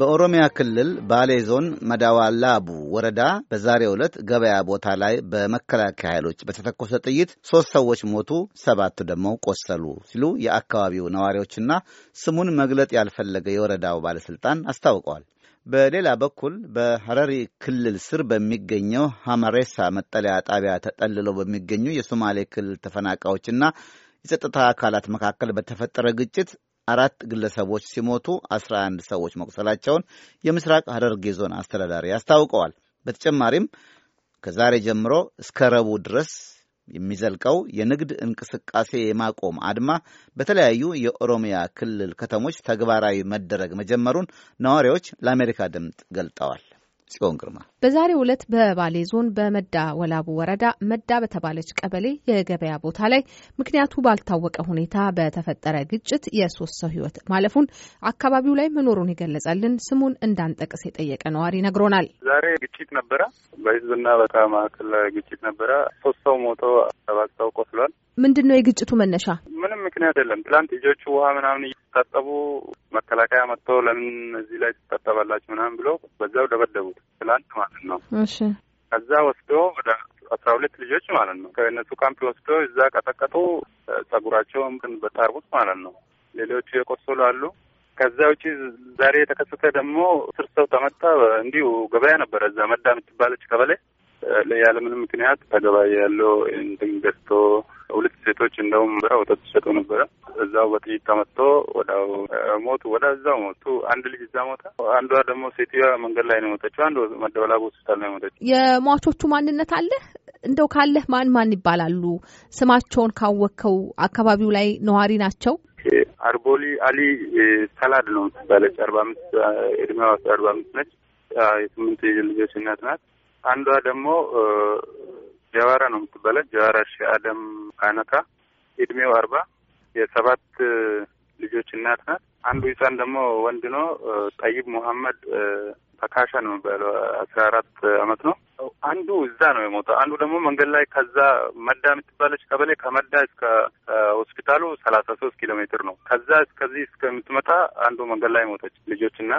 በኦሮሚያ ክልል ባሌ ዞን መዳዋላቡ ወረዳ በዛሬው ዕለት ገበያ ቦታ ላይ በመከላከያ ኃይሎች በተተኮሰ ጥይት ሦስት ሰዎች ሞቱ፣ ሰባቱ ደግሞ ቆሰሉ ሲሉ የአካባቢው ነዋሪዎችና ስሙን መግለጥ ያልፈለገ የወረዳው ባለሥልጣን አስታውቀዋል። በሌላ በኩል በሐረሪ ክልል ስር በሚገኘው ሐመሬሳ መጠለያ ጣቢያ ተጠልለው በሚገኙ የሶማሌ ክልል ተፈናቃዮችና የጸጥታ አካላት መካከል በተፈጠረ ግጭት አራት ግለሰቦች ሲሞቱ አስራ አንድ ሰዎች መቁሰላቸውን የምስራቅ ሐረርጌ ዞን አስተዳዳሪ አስታውቀዋል። በተጨማሪም ከዛሬ ጀምሮ እስከ ረቡዕ ድረስ የሚዘልቀው የንግድ እንቅስቃሴ የማቆም አድማ በተለያዩ የኦሮሚያ ክልል ከተሞች ተግባራዊ መደረግ መጀመሩን ነዋሪዎች ለአሜሪካ ድምፅ ገልጠዋል። ጽዮን ግርማ። በዛሬው ዕለት በባሌ ዞን በመዳ ወላቡ ወረዳ መዳ በተባለች ቀበሌ የገበያ ቦታ ላይ ምክንያቱ ባልታወቀ ሁኔታ በተፈጠረ ግጭት የሶስት ሰው ሕይወት ማለፉን አካባቢው ላይ መኖሩን ይገለጻልን ስሙን እንዳንጠቅስ የጠየቀ ነዋሪ ነግሮናል። ዛሬ ግጭት ነበረ። በህዝብና በተማ መካከል ግጭት ነበረ። ሶስት ሰው ሞቶ ሰባት ሰው ቆስሏል። ምንድን ነው የግጭቱ መነሻ? ምንም ምክንያት የለም። ትላንት ልጆቹ ውሃ ምናምን እየተታጠቡ መከላከያ መጥቶ ለምን እዚህ ላይ ትታጠባላችሁ ምናምን ብሎ በዛው ደበደቡት። ትላንት ማለት ነው። እሺ ከዛ ወስዶ ወደ አስራ ሁለት ልጆች ማለት ነው ከእነሱ ካምፕ ወስዶ እዛ ቀጠቀጡ። ጸጉራቸውም በታርቡት ማለት ነው። ሌሎቹ የቆሰሉ አሉ። ከዛ ውጪ ዛሬ የተከሰተ ደግሞ ስር ሰው ተመታ። እንዲሁ ገበያ ነበረ እዛ መዳ የምትባለች ቀበሌ ያለምንም ምክንያት ተገባይ ያለው ገዝቶ ሁለት ሴቶች እንደውም ወተት ሲሸጡ ነበረ። እዛው በጥይት ተመትቶ ወዳው ሞቱ። ወዳ እዛው ሞቱ። አንድ ልጅ እዛ ሞታ፣ አንዷ ደግሞ ሴትዮዋ መንገድ ላይ ነው የሞተችው። አንዱ መደበላ ሆስፒታል ነው የሞተችው። የሟቾቹ ማንነት አለ እንደው ካለህ ማን ማን ይባላሉ? ስማቸውን ካወቅከው አካባቢው ላይ ነዋሪ ናቸው? አርቦሊ አሊ ሰላድ ነው ትባለች። አርባ አምስት እድሜዋ አርባ አምስት ነች። የስምንት ልጆች እናት ናት። አንዷ ደግሞ ጀዋራ ነው የምትባለች። ጀዋራ ሺ አደም ካነካ እድሜው አርባ የሰባት ልጆች እናት ናት። አንዱ ህፃን ደግሞ ወንድ ነው። ጠይብ ሙሐመድ ተካሻ ነው የሚባለው አስራ አራት አመት ነው። አንዱ እዛ ነው የሞተው። አንዱ ደግሞ መንገድ ላይ ከዛ መዳ የምትባለች ቀበሌ ከመዳ እስከ ሆስፒታሉ ሰላሳ ሶስት ኪሎ ሜትር ነው። ከዛ እስከዚህ እስከምትመጣ አንዱ መንገድ ላይ ሞተች ልጆች እና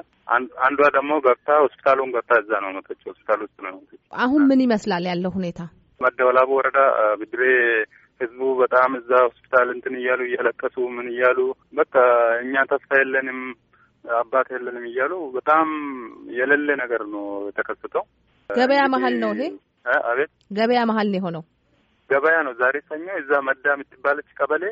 አንዷ ደግሞ ገብታ ሆስፒታሉን ገብታ እዛ ነው ሞተች። ሆስፒታል ውስጥ ነው ሞተች። አሁን ምን ይመስላል ያለው ሁኔታ? መደወላቡ ወረዳ ብድሬ ህዝቡ በጣም እዛ ሆስፒታል እንትን እያሉ እያለቀሱ ምን እያሉ በቃ እኛ ተስፋ የለንም አባት የለንም እያሉ በጣም የሌለ ነገር ነው የተከሰተው። ገበያ መሀል ነው ይሄ። አቤት ገበያ መሀል ነው የሆነው። ገበያ ነው ዛሬ ሰኞ። እዛ መዳ የምትባለች ቀበሌ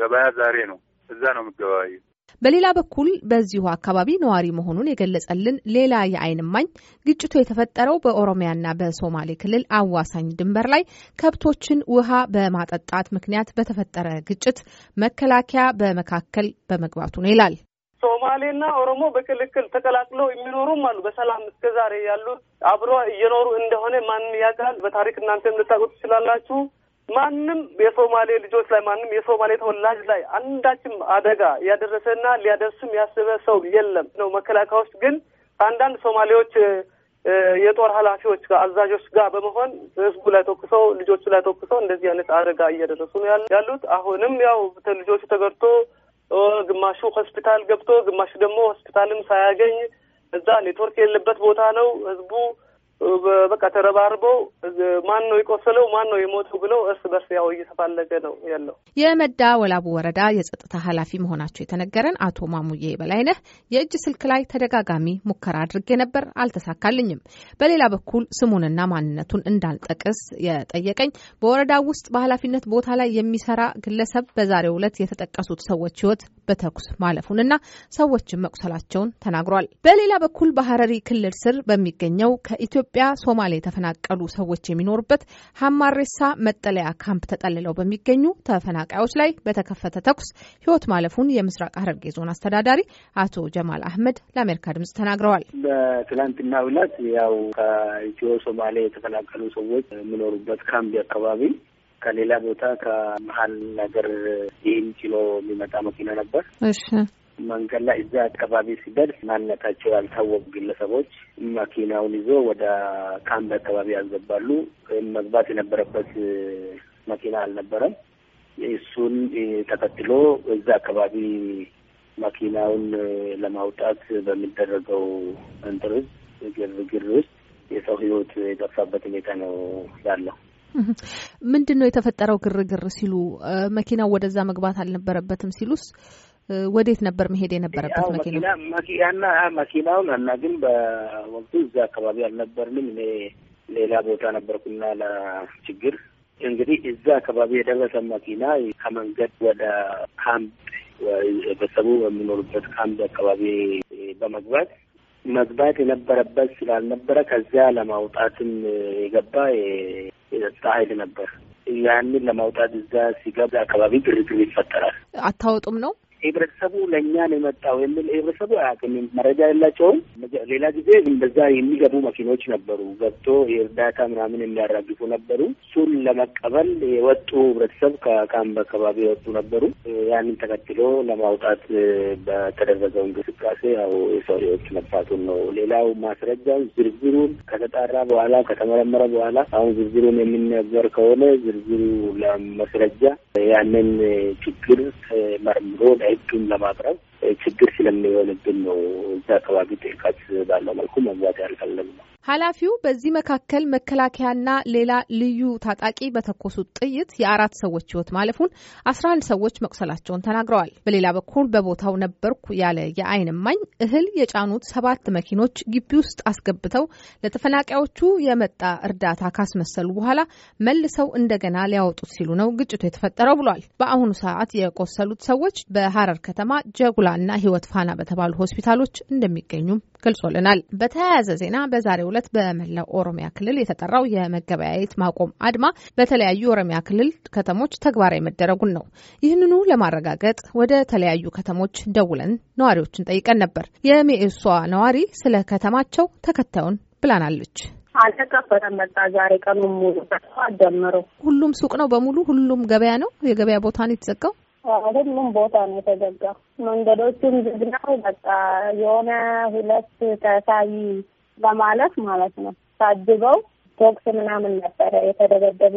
ገበያ ዛሬ ነው። እዛ ነው የምገበያዩ በሌላ በኩል በዚሁ አካባቢ ነዋሪ መሆኑን የገለጸልን ሌላ የአይንማኝ እማኝ ግጭቱ የተፈጠረው በኦሮሚያና በሶማሌ ክልል አዋሳኝ ድንበር ላይ ከብቶችን ውሃ በማጠጣት ምክንያት በተፈጠረ ግጭት መከላከያ በመካከል በመግባቱ ነው ይላል። ሶማሌና ኦሮሞ በክልክል ተቀላቅለው የሚኖሩም አሉ። በሰላም ዛሬ ያሉት አብሮ እየኖሩ እንደሆነ ማን ያውቃል? በታሪክ እናንተም ልታውቁት ትችላላችሁ። ማንም የሶማሌ ልጆች ላይ ማንም የሶማሌ ተወላጅ ላይ አንዳችም አደጋ ያደረሰና ሊያደርስም ያስበ ሰው የለም ነው። መከላከያዎች ግን ከአንዳንድ ሶማሌዎች የጦር ኃላፊዎች ጋር አዛዦች ጋር በመሆን ህዝቡ ላይ ተኩሰው ልጆቹ ላይ ተኩሰው እንደዚህ አይነት አደጋ እያደረሱ ነው ያሉት። አሁንም ያው ልጆቹ ተገድቶ ግማሹ ሆስፒታል ገብቶ ግማሹ ደግሞ ሆስፒታልም ሳያገኝ እዛ ኔትወርክ የሌለበት ቦታ ነው ህዝቡ በቃ ተረባርበው ማን ነው የቆሰለው ማን ነው የሞተው ብለው እርስ በርስ ያው እየተፋለገ ነው ያለው። የመዳ ወላቡ ወረዳ የጸጥታ ኃላፊ መሆናቸው የተነገረን አቶ ማሙዬ በላይነህ የእጅ ስልክ ላይ ተደጋጋሚ ሙከራ አድርጌ ነበር፣ አልተሳካልኝም። በሌላ በኩል ስሙንና ማንነቱን እንዳልጠቅስ የጠየቀኝ በወረዳው ውስጥ በኃላፊነት ቦታ ላይ የሚሰራ ግለሰብ በዛሬው ዕለት የተጠቀሱት ሰዎች ህይወት በተኩስ ማለፉንና ሰዎችን መቁሰላቸውን ተናግሯል። በሌላ በኩል በሀረሪ ክልል ስር በሚገኘው ከኢትዮ ከኢትዮጵያ ሶማሌ የተፈናቀሉ ሰዎች የሚኖሩበት ሀማሬሳ መጠለያ ካምፕ ተጠልለው በሚገኙ ተፈናቃዮች ላይ በተከፈተ ተኩስ ሕይወት ማለፉን የምስራቅ ሐረርጌ ዞን አስተዳዳሪ አቶ ጀማል አህመድ ለአሜሪካ ድምጽ ተናግረዋል። በትላንትና ዕለት ያው ከኢትዮ ሶማሌ የተፈናቀሉ ሰዎች የሚኖሩበት ካምፕ አካባቢ ከሌላ ቦታ ከመሀል ነገር ይህን ችሎ የሚመጣ መኪና ነበር። መንገድ ላይ እዛ አካባቢ ሲደርስ ማንነታቸው ያልታወቁ ግለሰቦች መኪናውን ይዞ ወደ ካምፕ አካባቢ ያስገባሉ። መግባት የነበረበት መኪና አልነበረም። እሱን ተከትሎ እዛ አካባቢ መኪናውን ለማውጣት በሚደረገው እንትርስ ግርግር ውስጥ የሰው ሕይወት የጠፋበት ሁኔታ ነው ያለው። ምንድን ነው የተፈጠረው ግርግር ሲሉ መኪናው ወደዛ መግባት አልነበረበትም ሲሉስ ወዴት ነበር መሄድ የነበረበት መኪና? መኪናውን እና ግን በወቅቱ እዛ አካባቢ አልነበርንም። እኔ ሌላ ቦታ ነበርኩና ለችግር እንግዲህ እዛ አካባቢ የደረሰ መኪና ከመንገድ ወደ ካምፕ ቤተሰቡ በሚኖሩበት ካምፕ አካባቢ በመግባት መግባት የነበረበት ስላልነበረ ከዚያ ለማውጣትም የገባ የጸጥታ ኃይል ነበር። ያንን ለማውጣት እዛ ሲገባ አካባቢ ግርግር ይፈጠራል። አታወጡም ነው ህብረተሰቡ ለእኛ ነው የመጣው የሚል ህብረተሰቡ አያውቅም፣ መረጃ የላቸውም። ሌላ ጊዜ እንደዛ የሚገቡ መኪኖች ነበሩ፣ ገብቶ የእርዳታ ምናምን የሚያራግፉ ነበሩ። እሱን ለመቀበል የወጡ ህብረተሰብ ከካምብ አካባቢ የወጡ ነበሩ። ያንን ተከትሎ ለማውጣት በተደረገው እንቅስቃሴ ያው የሰው ህይወት መጥፋቱን ነው። ሌላው ማስረጃ ዝር ዝርዝሩ ከተጣራ በኋላ ከተመረመረ በኋላ አሁን ዝርዝሩን የሚነገር ከሆነ ዝርዝሩ ለመስረጃ ያንን ችግር መርምሮ ለሕግም ለማቅረብ ችግር ስለሚሆንብን ነው። እዚ አካባቢ ጥልቀት ባለው መልኩ መግባት ያልፈለግ ነው። ኃላፊው በዚህ መካከል መከላከያና ሌላ ልዩ ታጣቂ በተኮሱት ጥይት የአራት ሰዎች ሕይወት ማለፉን አስራ አንድ ሰዎች መቁሰላቸውን ተናግረዋል። በሌላ በኩል በቦታው ነበርኩ ያለ የአይን እማኝ እህል የጫኑት ሰባት መኪኖች ግቢ ውስጥ አስገብተው ለተፈናቃዮቹ የመጣ እርዳታ ካስመሰሉ በኋላ መልሰው እንደገና ሊያወጡት ሲሉ ነው ግጭቱ የተፈጠረው ብሏል። በአሁኑ ሰዓት የቆሰሉት ሰዎች በሐረር ከተማ ጀጉላ እና ሕይወት ፋና በተባሉ ሆስፒታሎች እንደሚገኙም ገልጾልናል። በተያያዘ ዜና በዛሬው ዕለት በመላው ኦሮሚያ ክልል የተጠራው የመገበያየት ማቆም አድማ በተለያዩ የኦሮሚያ ክልል ከተሞች ተግባራዊ መደረጉን ነው። ይህንኑ ለማረጋገጥ ወደ ተለያዩ ከተሞች ደውለን ነዋሪዎችን ጠይቀን ነበር። የሜኤሷ ነዋሪ ስለ ከተማቸው ተከታዩን ብላናለች። አልተከፈተም። መጣ ዛሬ ቀኑ ሙሉ ጀምሮ ሁሉም ሱቅ ነው በሙሉ ሁሉም ገበያ ነው። የገበያ ቦታ ነው የተዘጋው። ሁሉም ቦታ ነው የተዘጋው። መንገዶቹም ዝግ ነው። በቃ የሆነ ሁለት ተሳይ ለማለት ማለት ነው ታጅበው ቦክስ ምናምን ነበረ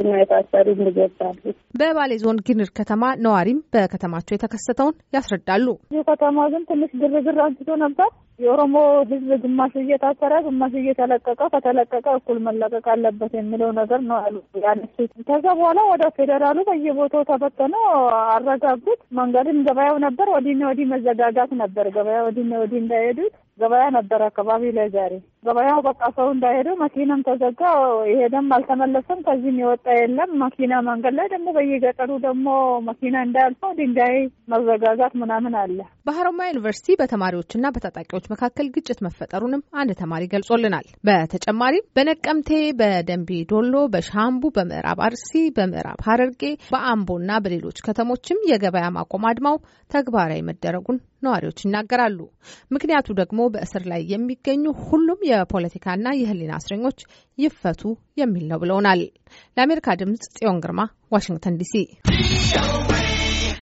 ና የታሰሩ ልጆች አሉ። በባሌ ዞን ግንር ከተማ ነዋሪም በከተማቸው የተከሰተውን ያስረዳሉ። ይህ ከተማ ግን ትንሽ ግርግር አንስቶ ነበር። የኦሮሞ ሕዝብ ግማሽ እየታሰረ ግማሽ እየተለቀቀ ከተለቀቀ እኩል መለቀቅ አለበት የሚለው ነገር ነው አሉ ያነሱት። ከዛ በኋላ ወደ ፌዴራሉ በየቦታው ተበተነ፣ አረጋጉት። መንገድም ገበያው ነበር ወዲና ወዲህ መዘጋጋት ነበር። ገበያ ወዲና ወዲህ እንዳይሄዱት ገበያ ነበረ አካባቢ ላይ ዛሬ ገበያው በቃ ሰው እንዳይሄደው መኪናም ተዘጋ። የሄደም አልተመለሰም። ከዚህም የወጣ የለም። መኪና መንገድ ላይ ደግሞ በየገጠሩ ደግሞ መኪና እንዳያልፈው ድንጋይ መዘጋጋት ምናምን አለ። በሀረማያ ዩኒቨርሲቲ በተማሪዎችና በታጣቂዎች መካከል ግጭት መፈጠሩንም አንድ ተማሪ ገልጾልናል። በተጨማሪም በነቀምቴ፣ በደንቢ ዶሎ፣ በሻምቡ፣ በምዕራብ አርሲ፣ በምዕራብ ሀረርጌ፣ በአምቦና በሌሎች ከተሞችም የገበያ ማቆም አድማው ተግባራዊ መደረጉን ነዋሪዎች ይናገራሉ። ምክንያቱ ደግሞ በእስር ላይ የሚገኙ ሁሉም የፖለቲካና የሕሊና እስረኞች ይፈቱ የሚል ነው ብለውናል። ለአሜሪካ ድምጽ ጽዮን ግርማ ዋሽንግተን ዲሲ